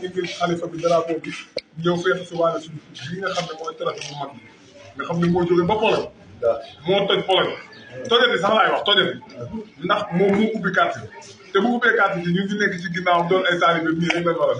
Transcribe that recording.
diggil xalifa bi drapeau bi ñëw feetu si waale ne mooy trafic bu mag bi nga xam ne moo jógee ba Pologne moo toj Pologne tojati sax laay wax tojati ndax moom moo ubbi carte te bu ubbee carte bi ñun ñu nekk ci ginnaaw doon ay taalibe bi nii rek lañ war